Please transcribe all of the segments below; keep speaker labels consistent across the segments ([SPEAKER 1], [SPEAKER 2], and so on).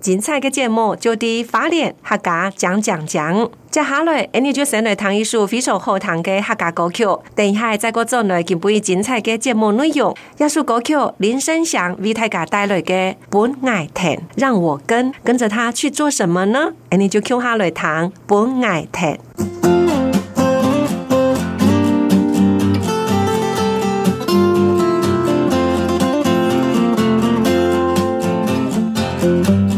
[SPEAKER 1] 精彩嘅節目就啲花蓮，客家講講講。接下來，俺們就先嚟睇一首非常好睇嘅客家歌曲。等一下再過做來，就不一精彩嘅節目內容。一首歌曲，林聲祥為大家帶來嘅《不愛聽》，讓我跟跟住佢去做乜呢？俺就聽下嚟睇《不愛聽》嗯。嗯嗯嗯嗯嗯嗯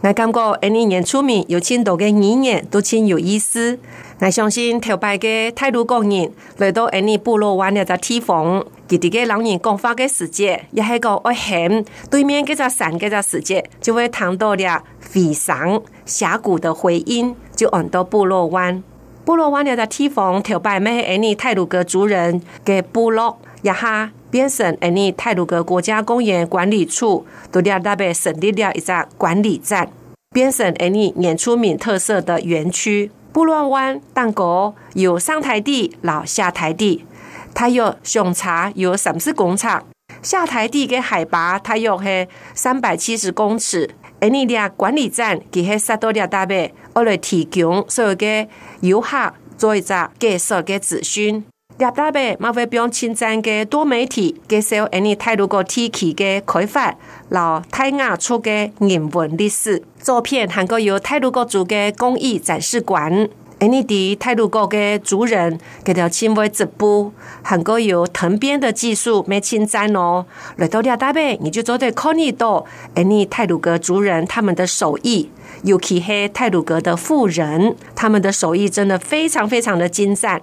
[SPEAKER 1] 我感覺二年出名有真多嘅語言都真有意思。我相信台北嘅泰魯閣人來到二零部落灣嘅地方，佢哋老人講話嘅世界，一個危險。對面嗰隻山，嗰隻世界就會聽到啲回聲、峽谷的回音，就按到部落灣。部落灣嘅地方，台北每一個泰魯閣族人嘅部落，一下。邊省安尼太魯閣國家公園管理處獨立大被設立了一隻管理站。邊省安尼，年出名特色的園區——布洛灣，當國有上台地，老下台地，它有熊茶，有三子工廠。下台地嘅海拔，它有係三百七十公尺。安尼隻管理站，佮佮薩多利亞大貝，我來提供所有嘅遊客做一個介紹嘅資訊。亞大貝，馬會用精湛嘅多媒體介紹安尼太魯閣提起嘅開發，然後泰雅族嘅人文歷史、照片，還有太魯閣族嘅工藝展示館。安尼的太魯閣嘅族人，佢條纖維織布，還有有藤編的技術，蠻精湛哦。來到亞大貝，你就做對看呢多，安尼太魯閣族人他們的手藝，尤其係太魯閣的婦人，他們的手藝真的非常非常的精湛。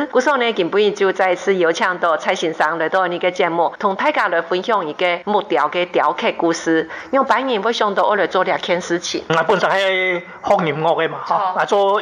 [SPEAKER 1] 嗰首呢，今日就再次邀請到蔡先生來到呢個節目，同大家來分享一個木雕嘅雕刻故事。用百年，我無想到我來做兩件事情。
[SPEAKER 2] 我本身係學音樂嘅嘛，嚇，我做。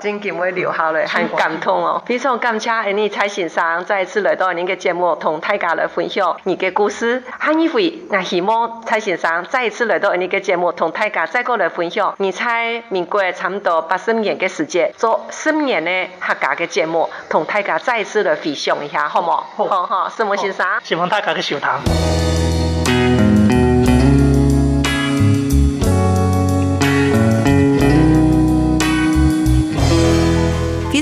[SPEAKER 2] 真嘅
[SPEAKER 1] 會留下來很感動哦。嗯、非常感謝安尼蔡先生再一次來到安尼嘅節目，同大家來分享你嘅故事。下一為我希望蔡先生再一次來到安尼嘅節目，同大家再過來分享。你喺民國差唔多八十五年嘅時間，做十五年呢客家嘅節目，同大家再一次來分享一下，好冇？好，好，好。希望先生，希望大家去收聽。